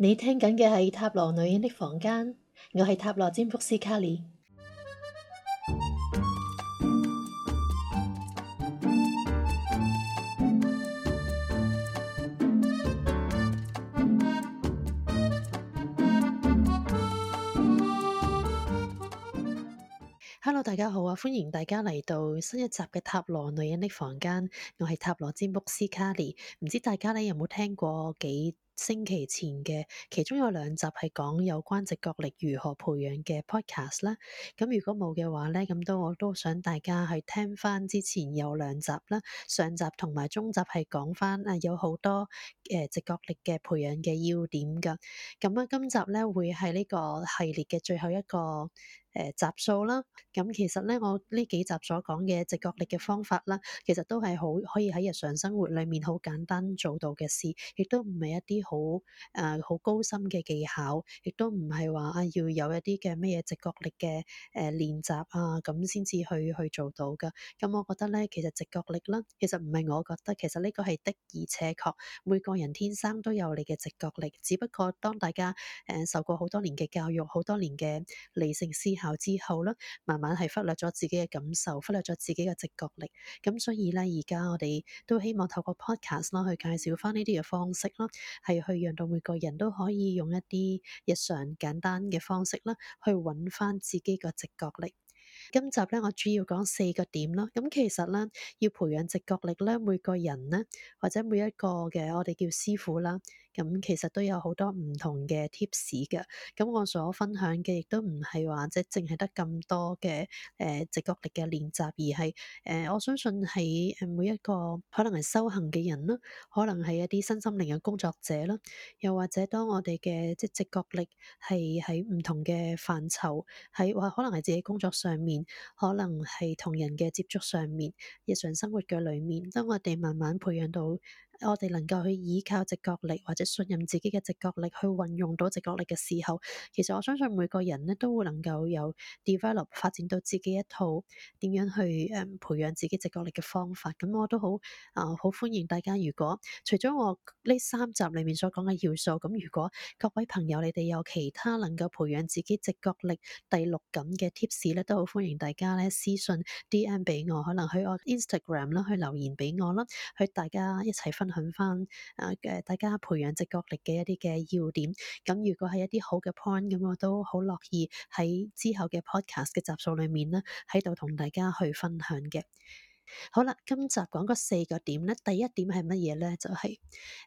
你聽緊嘅係《塔羅女人的房間》，我係塔羅占卜師卡莉。Hello，大家好啊！歡迎大家嚟到新一集嘅《塔羅女人的房間》，我係塔羅占卜師卡莉。唔知大家呢有冇聽過幾星期前嘅，其中有兩集係講有關直覺力如何培養嘅 podcast 啦。咁如果冇嘅話咧，咁都我都想大家去聽翻之前有兩集啦，上集同埋中集係講翻啊有好多誒直覺力嘅培養嘅要點㗎。咁啊，今集咧會係呢個系列嘅最後一個。誒、呃、集數啦，咁其實咧，我呢幾集所講嘅直覺力嘅方法啦，其實都係好可以喺日常生活裏面好簡單做到嘅事，亦都唔係一啲好誒好高深嘅技巧，亦都唔係話啊要有一啲嘅咩嘢直覺力嘅誒練習啊咁先至去去做到㗎。咁、嗯、我覺得咧，其實直覺力啦，其實唔係我覺得，其實呢個係的而且確，每個人天生都有你嘅直覺力，只不過當大家誒、呃、受過好多年嘅教育，好多年嘅理性思。考之後咧，慢慢係忽略咗自己嘅感受，忽略咗自己嘅直覺力，咁所以咧，而家我哋都希望透過 Podcast 啦，去介紹翻呢啲嘅方式啦，係去讓到每個人都可以用一啲日常簡單嘅方式啦，去揾翻自己嘅直覺力。今集咧，我主要講四個點啦。咁其實咧，要培養直覺力咧，每個人咧，或者每一個嘅我哋叫師傅啦。咁其實都有好多唔同嘅 tips 嘅，咁我所分享嘅亦都唔係話即係淨係得咁多嘅誒直覺力嘅練習，而係誒我相信喺誒每一個可能係修行嘅人啦，可能係一啲身心靈嘅工作者啦，又或者當我哋嘅即直覺力係喺唔同嘅範疇，係話可能係自己工作上面，可能係同人嘅接觸上面，日常生活嘅裡面，當我哋慢慢培養到。我哋能夠去依靠直覺力，或者信任自己嘅直覺力去運用到直覺力嘅時候，其實我相信每個人咧都會能夠有 develop，發展到自己一套點樣去誒培養自己直覺力嘅方法。咁我都好啊，好、呃、歡迎大家。如果除咗我呢三集裡面所講嘅要素，咁如果各位朋友你哋有其他能夠培養自己直覺力第六感嘅 tips 咧，都好歡迎大家咧私信 DM 俾我，可能去我 Instagram 啦，去留言俾我啦，去大家一齊分享。分享翻啊嘅大家培養直覺力嘅一啲嘅要點，咁如果係一啲好嘅 point，咁我都好樂意喺之後嘅 podcast 嘅集數裏面呢喺度同大家去分享嘅。好啦，今集講個四個點咧，第一點係乜嘢咧？就係、是、誒、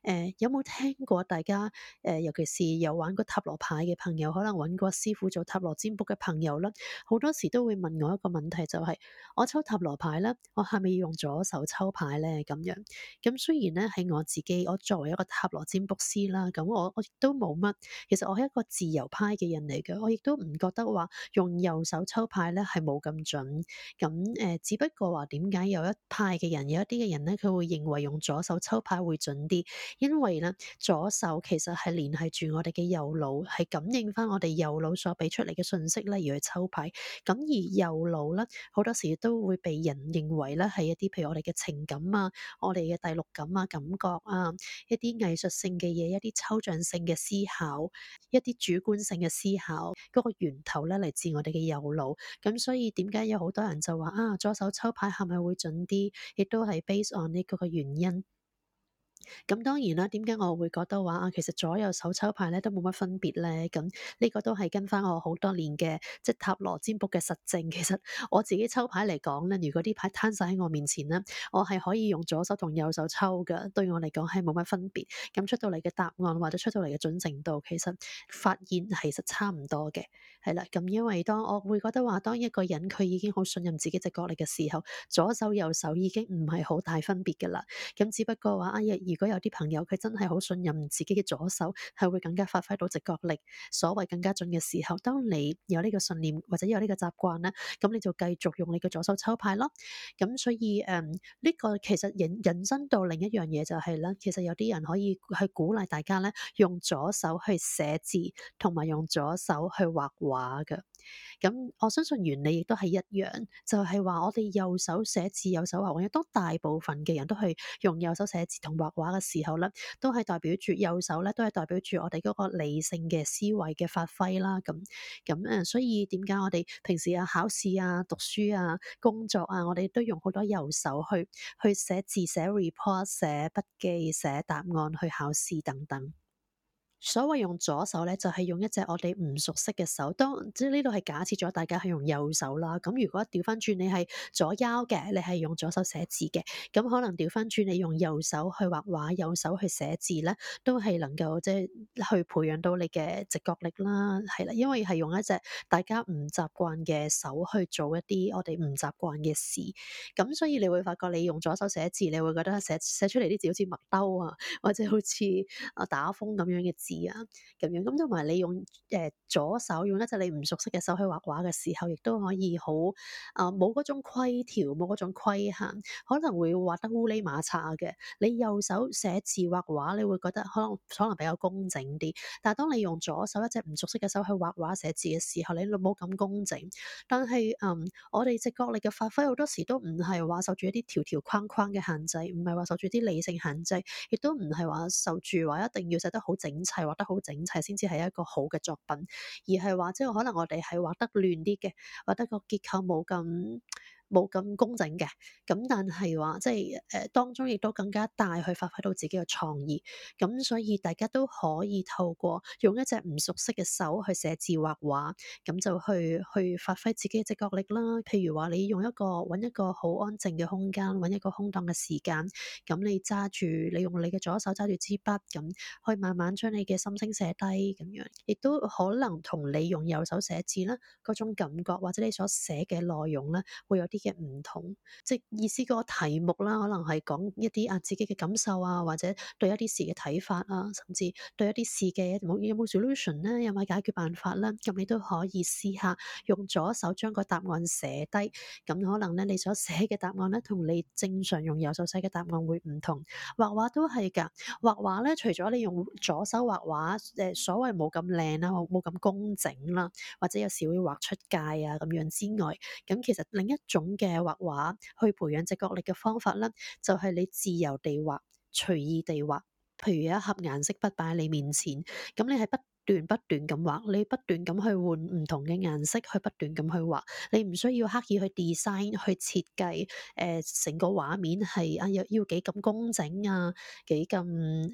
呃，有冇聽過大家誒、呃，尤其是有玩過塔羅牌嘅朋友，可能揾過師傅做塔羅占卜嘅朋友啦。好多時都會問我一個問題，就係、是、我抽塔羅牌咧，我係咪要用左手抽牌咧？咁樣咁雖然咧，係我自己，我作為一個塔羅占卜師啦，咁我我亦都冇乜，其實我係一個自由派嘅人嚟嘅，我亦都唔覺得話用右手抽牌咧係冇咁準，咁誒、呃，只不過話點解？有一派嘅人，有一啲嘅人咧，佢會認為用左手抽牌會準啲，因為咧，左手其實係聯繫住我哋嘅右腦，係感應返我哋右腦所俾出嚟嘅信息，例如去抽牌。咁而右腦咧，好多時都會被人認為咧係一啲譬如我哋嘅情感啊、我哋嘅第六感啊、感覺啊、一啲藝術性嘅嘢、一啲抽象性嘅思考、一啲主觀性嘅思考，嗰個源頭咧嚟自我哋嘅右腦。咁所以點解有好多人就話啊，左手抽牌係咪會準啲，亦都係 base on 呢個嘅原因。咁當然啦，點解我會覺得話啊，其實左右手抽牌咧都冇乜分別咧？咁呢個都係跟翻我好多年嘅即塔羅占卜嘅實證。其實我自己抽牌嚟講咧，如果啲牌攤晒喺我面前啦，我係可以用左手同右手抽噶，對我嚟講係冇乜分別。咁出到嚟嘅答案或者出到嚟嘅準程度，其實發現其實差唔多嘅係啦。咁因為當我會覺得話，當一個人佢已經好信任自己直覺力嘅時候，左手右手已經唔係好大分別噶啦。咁只不過話啊，如果有啲朋友佢真係好信任自己嘅左手，係會更加發揮到直覺力，所謂更加準嘅時候，當你有呢個信念或者有呢個習慣咧，咁你就繼續用你嘅左手抽牌咯。咁所以誒呢、嗯這個其實引引申到另一樣嘢就係、是、啦，其實有啲人可以去鼓勵大家咧，用左手去寫字同埋用左手去畫畫嘅。咁我相信原理亦都係一樣，就係、是、話我哋右手寫字、右手畫畫都大部分嘅人都係用右手寫字同畫畫。畫嘅時候咧，都係代表住右手咧，都係代表住我哋嗰個理性嘅思維嘅發揮啦。咁咁誒，所以點解我哋平時啊考試啊讀書啊工作啊，我哋都用好多右手去去寫字、寫 report、寫筆記、寫答案、去考試等等。所謂用左手咧，就係用一隻我哋唔熟悉嘅手。當即呢度係假設咗大家係用右手啦。咁如果調翻轉，你係左腰嘅，你係用左手寫字嘅，咁可能調翻轉你用右手去畫畫，右手去寫字咧，都係能夠即係去培養到你嘅直覺力啦。係啦，因為係用一隻大家唔習慣嘅手去做一啲我哋唔習慣嘅事，咁所以你會發覺你用左手寫字，你會覺得寫，寫出嚟啲字好似麥兜啊，或者好似啊打風咁樣嘅字。啲啊，咁樣咁同埋你用誒、呃、左手用一隻你唔熟悉嘅手去畫畫嘅時候，亦都可以好啊，冇、呃、嗰種規條冇嗰種規限，可能會畫得烏哩馬叉嘅。你右手寫字畫畫，你會覺得可能可能比較工整啲。但係當你用左手一隻唔熟悉嘅手去畫畫寫字嘅時候，你都冇咁工整。但係嗯、呃，我哋直覺力嘅發揮好多時都唔係話受住一啲條條框框嘅限制，唔係話受住啲理性限制，亦都唔係話受住話一,一定要寫得好整齊。係畫得好整齊，先至係一個好嘅作品，而係話即係可能我哋係畫得亂啲嘅，畫得個結構冇咁，冇咁工整嘅，咁但係話，即係誒、呃、當中亦都更加大去發揮到自己嘅創意，咁所以大家都可以透過用一隻唔熟悉嘅手去寫字畫畫，咁就去去發揮自己嘅直覺力啦。譬如話，你用一個揾一個好安靜嘅空間，揾一個空檔嘅時間，咁你揸住你用你嘅左手揸住支筆，咁可以慢慢將你嘅心聲寫低咁樣，亦都可能同你用右手寫字啦，嗰種感覺或者你所寫嘅內容咧會有啲。嘅唔同，即意思個題目啦，可能係講一啲啊自己嘅感受啊，或者對一啲事嘅睇法啊，甚至對一啲事嘅有冇 solution 咧，有冇解決辦法啦，咁你都可以試下用左手將個答案寫低，咁可能咧你所寫嘅答案咧，同你正常用右手寫嘅答案會唔同。畫畫都係噶，畫畫咧，除咗你用左手畫畫誒所謂冇咁靚啦，冇咁工整啦，或者有時會畫出界啊咁樣之外，咁其實另一種。嘅畫畫去培養直覺力嘅方法咧，就係、是、你自由地畫，隨意地畫。譬如有一盒顏色筆擺喺你面前，咁你係不。斷不斷咁畫，你不斷咁去換唔同嘅顏色，去不斷咁去畫。你唔需要刻意去 design 去設計，誒、呃，成個畫面係啊，要要幾咁工整啊，幾咁誒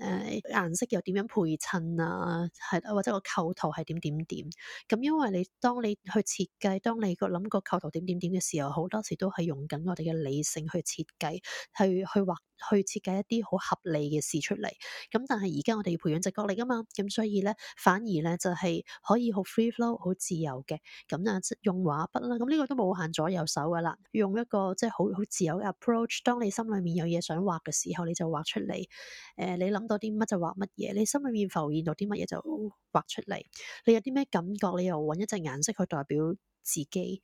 顏色又點樣配襯啊，係啦，或者個構圖係點點點咁。因為你當你去設計，當你個諗個構圖點點點嘅時候，好多時都係用緊我哋嘅理性去設計，去去畫，去設計一啲好合理嘅事出嚟。咁但係而家我哋要培養直覺力啊嘛，咁所以咧反。反而咧就係可以好 free flow 好自由嘅，咁啊用畫筆啦，咁、這、呢個都冇限左右手噶啦，用一個即係好好自由嘅 approach。當你心裏面有嘢想畫嘅時候，你就畫出嚟。誒，你諗到啲乜就畫乜嘢，你心裏面浮現到啲乜嘢就畫出嚟。你有啲咩感覺，你又搵一隻顏色去代表。自己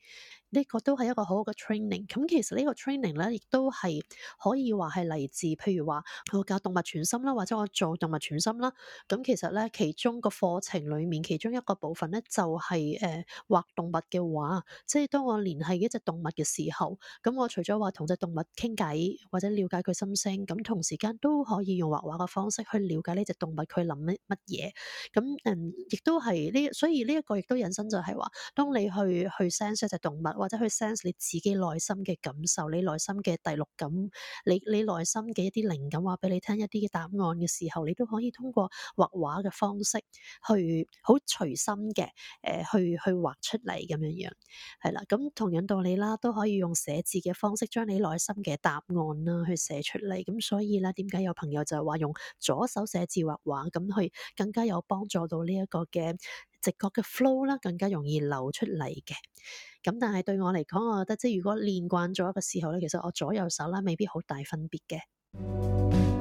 呢、這個都係一個好好嘅 training。咁其實個呢個 training 咧，亦都係可以話係嚟自，譬如話我教動物傳心啦，或者我做動物傳心啦。咁其實咧，其中個課程裏面其中一個部分咧、就是，就係誒畫動物嘅畫。即係當我聯繫一隻動物嘅時候，咁我除咗話同隻動物傾偈或者了解佢心聲，咁同時間都可以用畫畫嘅方式去了解呢隻動物佢諗乜嘢。咁嗯，亦都係呢，所以呢一個亦都引申就係、是、話，當你去。去 sense 一隻動物，或者去 sense 你自己內心嘅感受，你內心嘅第六感，你你內心嘅一啲靈感話俾你聽，一啲嘅答案嘅時候，你都可以通過畫畫嘅方式去好隨心嘅誒、呃，去去畫出嚟咁樣樣，係啦。咁同樣道理啦，都可以用寫字嘅方式將你內心嘅答案啦去寫出嚟。咁所以咧，點解有朋友就係話用左手寫字畫畫，咁去更加有幫助到呢一個嘅。直覺嘅 flow 啦，更加容易流出嚟嘅。咁但係對我嚟講，我覺得即係如果練慣咗一個時候咧，其實我左右手啦，未必好大分別嘅。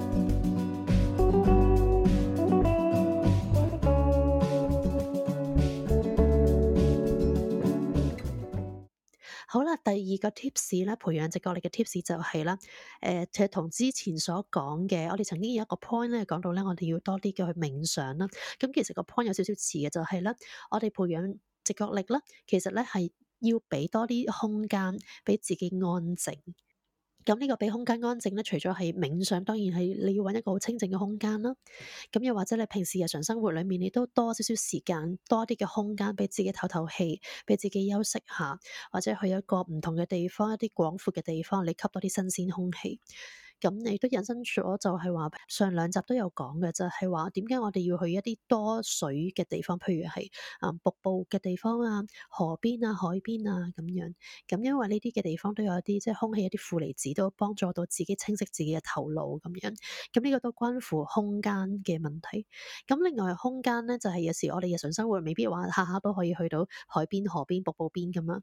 好啦，第二個 tips 咧，培養直覺力嘅 tips 就係啦，誒，其實同之前所講嘅，我哋曾經有一個 point 咧，講到咧，我哋要多啲嘅去冥想啦。咁其實個 point 有少少似嘅就係咧，我哋培養直覺力咧，其實咧係要俾多啲空間俾自己安靜。咁呢個俾空間安靜咧，除咗係冥想，當然係你要揾一個好清靜嘅空間啦。咁又或者你平時日常生活裏面，你都多少少時間，多啲嘅空間俾自己透透氣，俾自己休息下，或者去一個唔同嘅地方，一啲廣闊嘅地方，你吸多啲新鮮空氣。咁你都引申咗，就係話上兩集都有講嘅，就係話點解我哋要去一啲多水嘅地方，譬如係啊瀑布嘅地方啊、河邊啊、海邊啊咁樣。咁因為呢啲嘅地方都有一啲即係空氣一啲負離子，都幫助到自己清晰自己嘅頭腦咁樣。咁呢、這個都關乎空間嘅問題。咁另外空間咧，就係、是、有時我哋日常生活未必話下下都可以去到海邊、河邊、瀑布邊咁啊。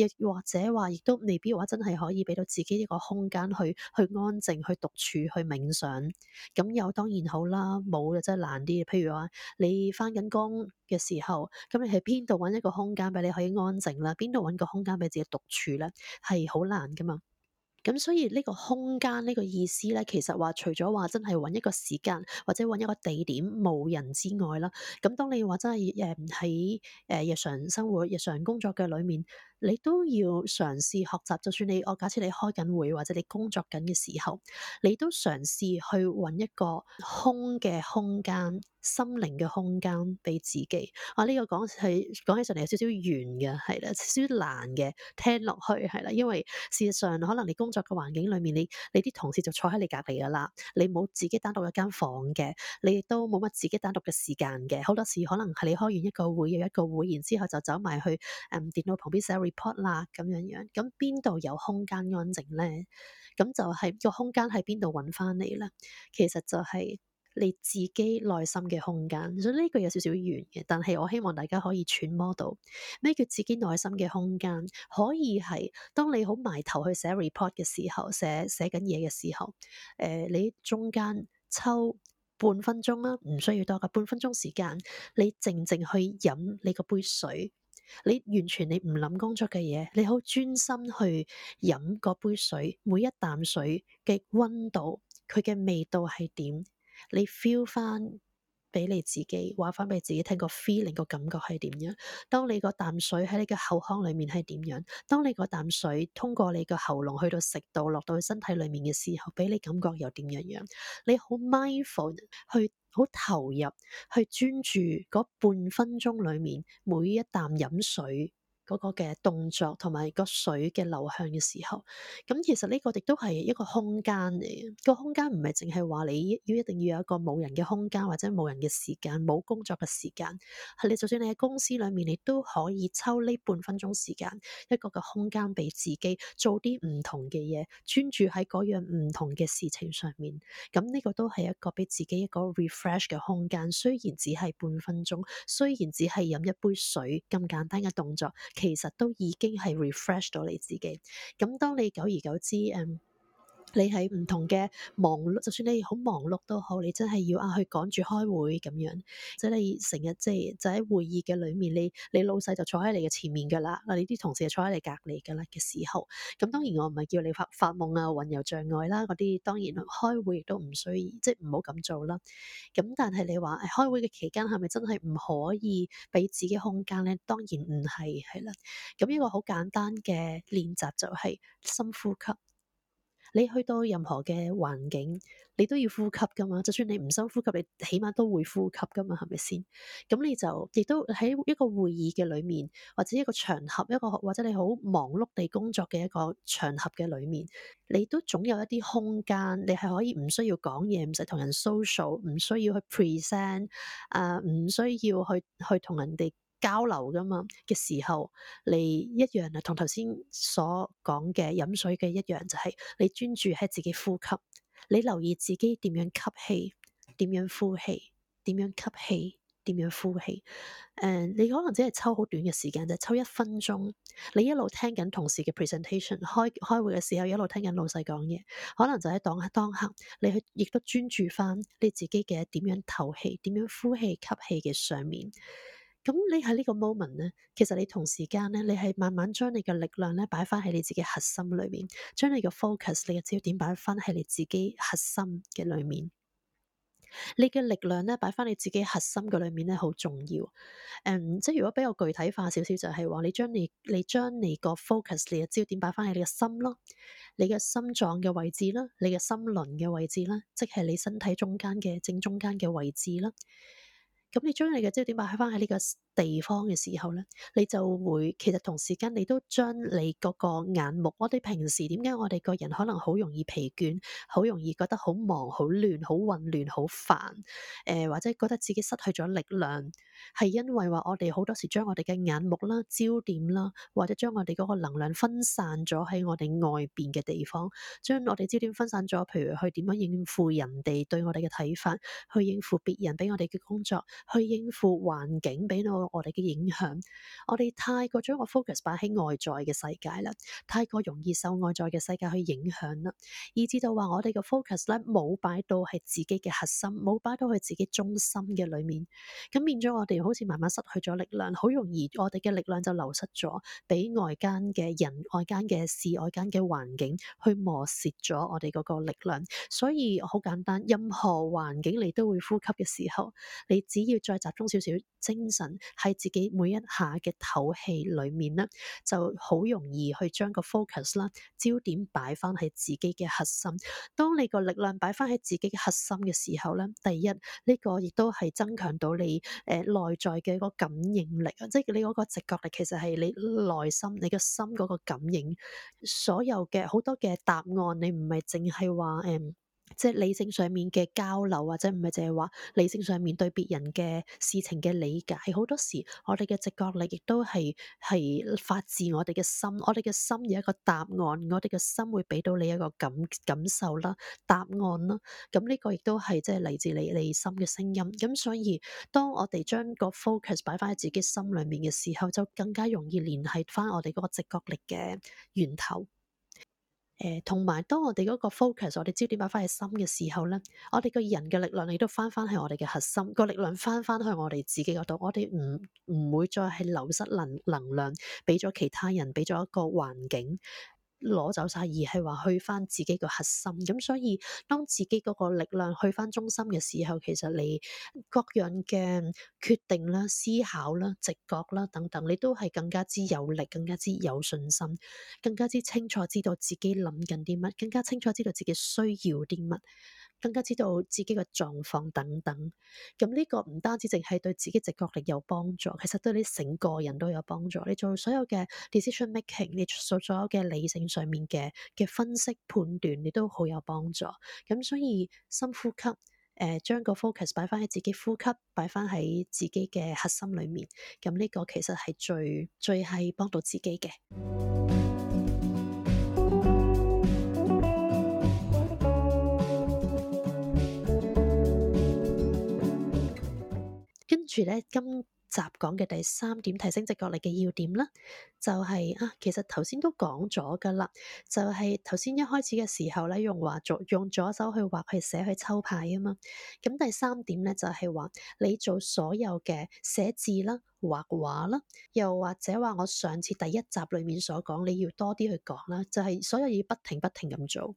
亦或者話，亦都未必話真係可以俾到自己一個空間去去安靜、去獨處、去冥想。咁有當然好啦，冇就真係難啲。譬如話你翻緊工嘅時候，咁你喺邊度揾一個空間俾你可以安靜啦？邊度揾個空間俾自己獨處咧？係好難噶嘛。咁所以呢個空間呢個意思咧，其實話除咗話真係揾一個時間或者揾一個地點冇人之外啦，咁當你話真係唔喺誒日常生活、日常工作嘅裏面。你都要嘗試學習，就算你我假設你開緊會或者你工作緊嘅時候，你都嘗試去揾一個空嘅空間、心靈嘅空間俾自己。啊，呢個講起講起上嚟有少少遠嘅，係啦，少少難嘅聽落去係啦，因為事實上可能你工作嘅環境裏面，你你啲同事就坐喺你隔離噶啦，你冇自己單獨一間房嘅，你亦都冇乜自己單獨嘅時間嘅。好多時可能係你開完一個會，又一個會，然之後就走埋去誒、嗯、電腦旁邊 report 啦，咁樣樣，咁邊度有空間安靜咧？咁就係、是那個空間喺邊度搵翻你咧？其實就係你自己內心嘅空間，所以呢句有少少遠嘅，但係我希望大家可以揣摩到咩叫自己內心嘅空間，可以係當你好埋頭去寫 report 嘅時候，寫寫緊嘢嘅時候，誒、呃，你中間抽半分鐘啦，唔需要多過，半分鐘時間，你靜靜去飲你個杯水。你完全你唔諗工作嘅嘢，你好專心去飲嗰杯水，每一啖水嘅温度，佢嘅味道係點，你 feel 翻。俾你自己話翻俾自己聽個 feeling 個感覺係點樣？當你個啖水喺你嘅口腔裏面係點樣？當你個啖水通過你個喉嚨去到食道，落到去身體裏面嘅時候，畀你感覺又點樣樣？你好 mindful 去好投入去專注嗰半分鐘裏面每一啖飲水。嗰個嘅動作同埋個水嘅流向嘅時候，咁其實呢個亦都係一個空間嚟嘅。個空間唔係淨係話你要一定要有一個冇人嘅空間或者冇人嘅時間、冇工作嘅時間。係你就算你喺公司裏面，你都可以抽呢半分鐘時間一個嘅空間俾自己做啲唔同嘅嘢，專注喺嗰樣唔同嘅事情上面。咁呢個都係一個俾自己一個 refresh 嘅空間。雖然只係半分鐘，雖然只係飲一杯水咁簡單嘅動作。其實都已經係 refresh 咗，你自己，咁當你久而久之，誒、um。你喺唔同嘅忙碌，就算你好忙碌都好，你真係要啊去趕住開會咁樣，即係你成日即係就喺會議嘅裏面，你你老細就坐喺你嘅前面噶啦，你啲同事就坐喺你隔籬噶啦嘅時候，咁當然我唔係叫你發發夢啊，混游障礙啦嗰啲，當然開會亦都唔需要，即係唔好咁做啦。咁但係你話誒，開會嘅期間係咪真係唔可以俾自己空間咧？當然唔係係啦。咁呢個好簡單嘅練習就係深呼吸。你去到任何嘅環境，你都要呼吸噶嘛，就算你唔深呼吸，你起碼都會呼吸噶嘛，係咪先？咁你就亦都喺一個會議嘅裏面，或者一個場合，一個或者你好忙碌地工作嘅一個場合嘅裏面，你都總有一啲空間，你係可以唔需要講嘢，唔使同人 social，唔需要去 present，啊、呃，唔需要去去同人哋交流㗎嘛嘅時候，你一樣啊，同頭先所講嘅飲水嘅一樣，就係、是、你專注喺自己呼吸，你留意自己點樣吸氣，點樣呼氣，點樣吸氣，點樣呼氣。誒、uh,，你可能只係抽好短嘅時間就是、抽一分鐘。你一路聽緊同事嘅 presentation，開開會嘅時候一路聽緊老細講嘢，可能就喺當當刻，你去亦都專注翻，你自己嘅點樣透氣，點樣呼氣、吸氣嘅上面。咁你喺呢個 moment 呢，其實你同時間呢，你係慢慢將你嘅力量咧擺翻喺你自己核心裏面，將你嘅 focus、你嘅焦點擺翻喺你自己核心嘅裏面。你嘅力量咧擺翻你自己核心嘅裏面咧好重要。誒、嗯，即係如果比較具體化少少，就係話你將你，你將你個 focus、你嘅焦點擺翻喺你嘅心咯，你嘅心臟嘅位置啦，你嘅心輪嘅位置啦，即係你身體中間嘅正中間嘅位置啦。咁你將你嘅焦點擺翻喺呢個地方嘅時候咧，你就會其實同時間你都將你嗰個眼目，我哋平時點解我哋個人可能好容易疲倦，好容易覺得好忙、好亂、好混亂、好煩，誒、呃、或者覺得自己失去咗力量，係因為話我哋好多時將我哋嘅眼目啦、焦點啦，或者將我哋嗰個能量分散咗喺我哋外邊嘅地方，將我哋焦點分散咗，譬如去點樣應付人哋對我哋嘅睇法，去應付別人俾我哋嘅工作。去應付環境俾到我哋嘅影響，我哋太過將個 focus 擺喺外在嘅世界啦，太過容易受外在嘅世界去影響啦，以至到話我哋嘅 focus 咧冇擺到係自己嘅核心，冇擺到係自己中心嘅裏面，咁變咗我哋好似慢慢失去咗力量，好容易我哋嘅力量就流失咗，俾外間嘅人、外間嘅事、外間嘅環境去磨蝕咗我哋嗰個力量。所以好簡單，任何環境你都會呼吸嘅時候，你只。要再集中少少精神，喺自己每一下嘅唞氣裏面咧，就好容易去將個 focus 啦，焦點擺翻喺自己嘅核心。當你個力量擺翻喺自己嘅核心嘅時候咧，第一，呢個亦都係增強到你誒、呃、內在嘅個感應力啊，即係你嗰個直覺力，其實，係你內心、你嘅心嗰個感應。所有嘅好多嘅答案，你唔係淨係話誒。呃即係理性上面嘅交流，或者唔係淨係話理性上面對別人嘅事情嘅理解，好多時我哋嘅直覺力亦都係係發自我哋嘅心，我哋嘅心有一個答案，我哋嘅心會俾到你一個感感受啦，答案啦。咁呢個亦都係即係嚟自你內心嘅聲音。咁所以當我哋將個 focus 擺翻喺自己心裏面嘅時候，就更加容易聯繫翻我哋嗰個直覺力嘅源頭。誒，同埋當我哋嗰個 focus，我哋焦點擺翻喺心嘅時候咧，我哋個人嘅力量亦都翻翻去我哋嘅核心個力量，翻翻去我哋自己嗰度，我哋唔唔會再係流失能能量俾咗其他人，俾咗一個環境。攞走晒，而係話去返自己個核心，咁所以當自己嗰個力量去返中心嘅時候，其實你各樣嘅決定啦、思考啦、直覺啦等等，你都係更加之有力、更加之有信心、更加之清楚知道自己諗緊啲乜，更加清楚知道自己需要啲乜。更加知道自己嘅狀況等等，咁呢個唔單止淨係對自己直覺力有幫助，其實對你整個人都有幫助。你做所有嘅 decision making，你做所有嘅理性上面嘅嘅分析判斷，你都好有幫助。咁所以深呼吸，誒、呃，將個 focus 擺翻喺自己呼吸，擺翻喺自己嘅核心裏面，咁呢個其實係最最係幫到自己嘅。今集講嘅第三點提升直覺力嘅要點啦，就係啊，其實頭先都講咗噶啦，就係頭先一開始嘅時候咧，用華左用左手去畫去寫去抽牌啊嘛。咁第三點咧就係話，你做所有嘅寫字啦、畫畫啦，又或者話我上次第一集裏面所講，你要多啲去講啦，就係所有嘢不停不停咁做。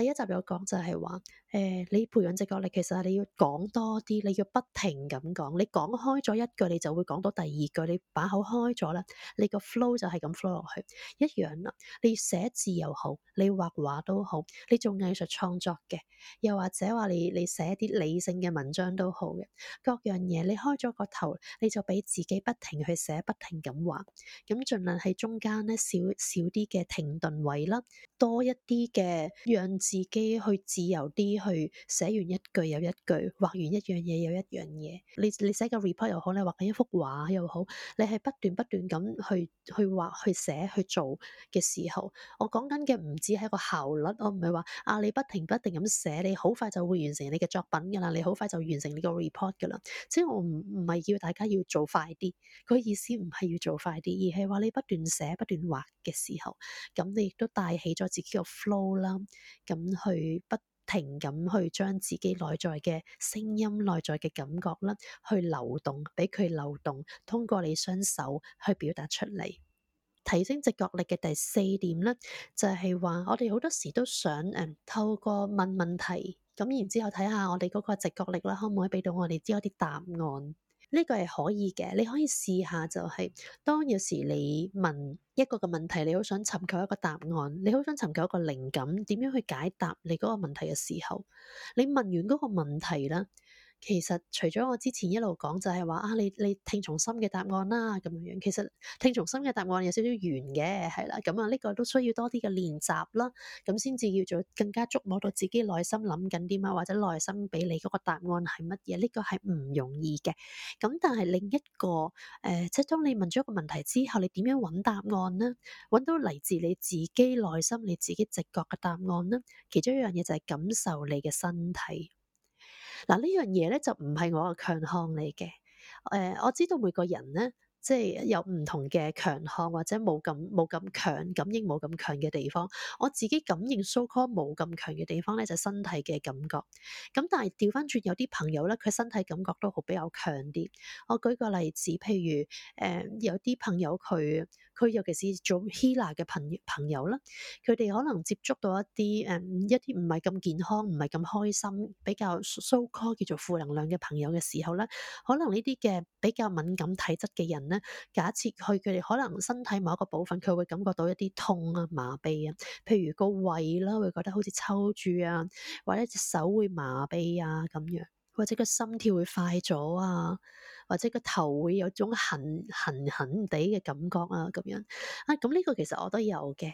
第一集有講就係話，誒、呃、你培養隻角力，其實你要講多啲，你要不停咁講。你講開咗一句，你就會講到第二句。你把口開咗咧，你個 flow 就係咁 flow 落去。一樣啦，你要寫字又好，你畫畫都好，你做藝術創作嘅，又或者話你你寫啲理性嘅文章都好嘅，各樣嘢你開咗個頭，你就俾自己不停去寫，不停咁畫，咁盡量喺中間呢，少少啲嘅停頓位啦，多一啲嘅樣。自己去自由啲去寫完一句又一句，畫完一樣嘢又一樣嘢。你你寫個 report 又好，你畫緊一幅畫又好，你係不斷不斷咁去去畫、去寫、去做嘅時候，我講緊嘅唔止係個效率，我唔係話啊你不停不停咁寫，你好快就會完成你嘅作品㗎啦，你好快就完成你個 report 㗎啦。即係我唔唔係叫大家要做快啲，佢、那個、意思唔係要做快啲，而係話你不斷寫不斷畫嘅時候，咁你亦都帶起咗自己個 flow 啦。咁去不停咁去將自己內在嘅聲音、內在嘅感覺咧，去流動，俾佢流動，通過你雙手去表達出嚟，提升直覺力嘅第四點咧，就係話我哋好多時都想誒、嗯，透過問問題，咁然之後睇下我哋嗰個直覺力啦，可唔可以俾到我哋知道啲答案？呢個係可以嘅，你可以試下就係、是，當有時你問一個嘅問題，你好想尋求一個答案，你好想尋求一個靈感，點樣去解答你嗰個問題嘅時候，你問完嗰個問題啦。其實除咗我之前一路講就係、是、話啊，你你聽從心嘅答案啦、啊，咁樣樣。其實聽從心嘅答案有少少玄嘅，係啦。咁啊，呢、這個都需要多啲嘅練習啦，咁先至叫做更加觸摸到自己內心諗緊啲乜，或者內心俾你嗰個答案係乜嘢。呢、這個係唔容易嘅。咁但係另一個誒、呃，即係當你問咗一個問題之後，你點樣揾答案呢？揾到嚟自你自己內心、你自己直覺嘅答案呢？其中一樣嘢就係感受你嘅身體。嗱，呢樣嘢咧，就唔係我嘅強項嚟嘅，誒、呃、我知道每個人咧，即係有唔同嘅強項，或者冇咁冇咁強感應，冇咁強嘅地方，我自己感應 so called 冇咁強嘅地方咧，就係身體嘅感覺，咁但係調翻轉，有啲朋友咧，佢身體感覺都好比較強啲。我舉個例子，譬如誒、呃、有啲朋友佢。佢尤其是做 healer 嘅朋朋友啦，佢哋可能接觸到一啲誒、嗯、一啲唔係咁健康、唔係咁開心、比較 so called 叫做負能量嘅朋友嘅時候咧，可能呢啲嘅比較敏感體質嘅人咧，假設佢佢哋可能身體某一個部分佢會感覺到一啲痛啊、麻痹啊，譬如個胃啦、啊、會覺得好似抽住啊，或者隻手會麻痹啊咁樣。或者個心跳會快咗啊，或者個頭會有種痕痕痕地嘅感覺啊，咁樣啊，咁、這、呢個其實我都有嘅。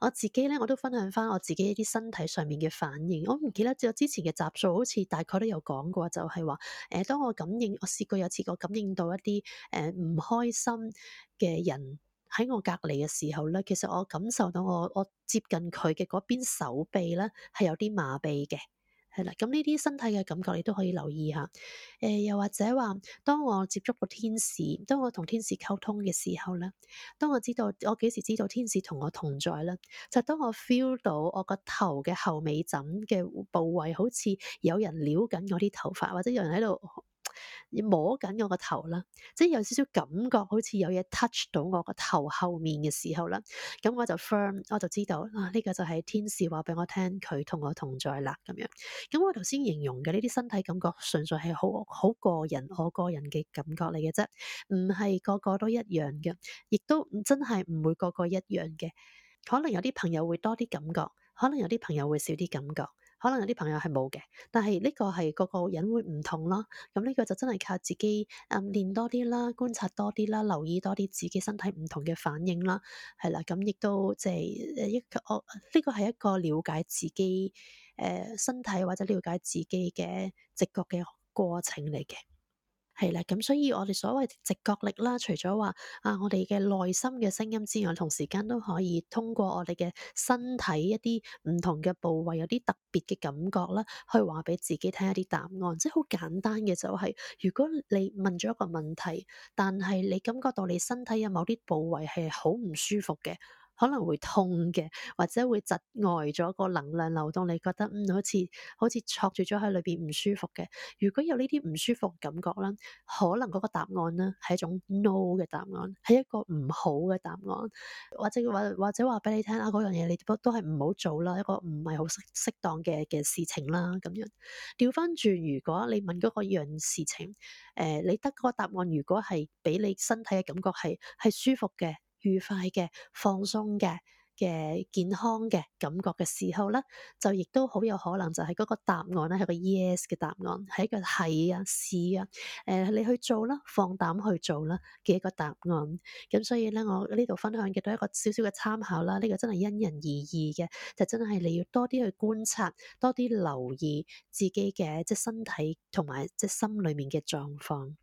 我自己咧，我都分享翻我自己一啲身體上面嘅反應。我唔記得咗，之前嘅集數好似大概都有講過，就係話誒，當我感應，我試過有次我感應到一啲誒唔開心嘅人喺我隔離嘅時候咧，其實我感受到我我接近佢嘅嗰邊手臂咧係有啲麻痹嘅。係啦，咁呢啲身體嘅感覺你都可以留意下。誒，又或者話，當我接觸個天使，當我同天使溝通嘅時候咧，當我知道我幾時知道天使同我同在咧，就係當我 feel 到我個頭嘅後尾枕嘅部位好似有人撩緊我啲頭髮，或者有人喺度。摸緊我個頭啦，即係有少少感覺，好似有嘢 touch 到我個頭後面嘅時候啦，咁我就 firm，我就知道啦，呢個就係天使話俾我聽，佢同我同在啦，咁樣。咁我頭先形容嘅呢啲身體感覺，純粹係好好個人我個人嘅感覺嚟嘅啫，唔係個個都一樣嘅，亦都真係唔會個個一樣嘅。可能有啲朋友會多啲感覺，可能有啲朋友會少啲感覺。可能有啲朋友係冇嘅，但係呢個係個個人會唔同咯。咁呢個就真係靠自己誒練多啲啦，觀察多啲啦，留意多啲自己身體唔同嘅反應啦。係啦，咁亦都即係誒一個呢個係一個了解自己誒身體或者了解自己嘅直覺嘅過程嚟嘅。係啦，咁所以我哋所謂直覺力啦，除咗話啊，我哋嘅內心嘅聲音之外，同時間都可以通過我哋嘅身體一啲唔同嘅部位，有啲特別嘅感覺啦，去話俾自己聽一啲答案。即係好簡單嘅，就是，就係如果你問咗一個問題，但係你感覺到你身體有某啲部位係好唔舒服嘅。可能會痛嘅，或者會窒礙咗個能量流動，你覺得嗯，好似好似坐住咗喺裏邊唔舒服嘅。如果有呢啲唔舒服感覺啦，可能嗰個答案咧係一種 no 嘅答案，係一個唔好嘅答案，或者或或者話俾你聽啊，嗰樣嘢你都都係唔好做啦，一個唔係好適適當嘅嘅事情啦咁樣。調翻轉，如果你問嗰個樣事情，誒、呃、你得嗰答案，如果係俾你身體嘅感覺係係舒服嘅。愉快嘅、放鬆嘅、嘅健康嘅感覺嘅時候咧，就亦都好有可能就係嗰個答案咧，係個 yes 嘅答案，係一個係啊、是啊，誒、呃，你去做啦，放膽去做啦嘅一個答案。咁所以咧，我呢度分享嘅都係一個少少嘅參考啦，呢、這個真係因人而異嘅，就是、真係你要多啲去觀察，多啲留意自己嘅即係身體同埋即係心裏面嘅狀況。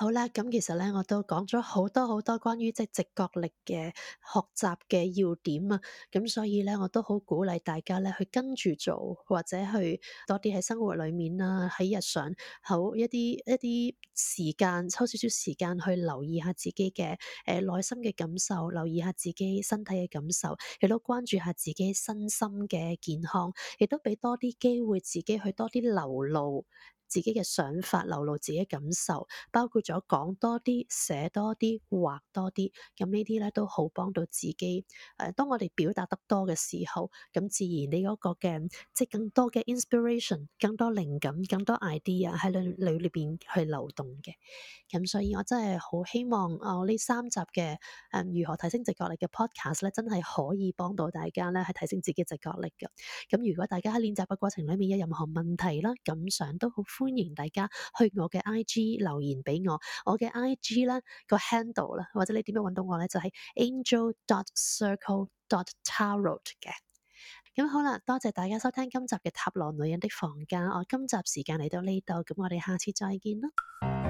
好啦，咁其實咧，我都講咗好多好多關於即直覺力嘅學習嘅要點啊。咁所以咧，我都好鼓勵大家咧去跟住做，或者去多啲喺生活裏面啊，喺日常好一啲一啲時間，抽少少時間去留意下自己嘅誒內心嘅感受，留意下自己身體嘅感受，亦都關注下自己身心嘅健康，亦都俾多啲機會自己去多啲流露。自己嘅想法流露，自己感受，包括咗講多啲、寫多啲、畫多啲。咁呢啲咧都好幫到自己。誒、呃，當我哋表達得多嘅時候，咁自然你嗰個嘅即係更多嘅 inspiration、更多靈感、更多 idea 喺裡裡裏邊去流動嘅。咁所以我真係好希望我呢、哦、三集嘅誒、呃、如何提升直覺力嘅 podcast 咧，真係可以幫到大家咧，係提升自己直覺力嘅。咁如果大家喺練習嘅過程裡面有任何問題啦、感想都好。歡迎大家去我嘅 IG 留言俾我，我嘅 IG 啦，個 handle 啦，或者你點樣揾到我呢？就係 angel.circle.tarot 嘅。咁好啦，多謝大家收聽今集嘅《塔羅女人的房間》，我今集時間嚟到呢度，咁我哋下次再見啦。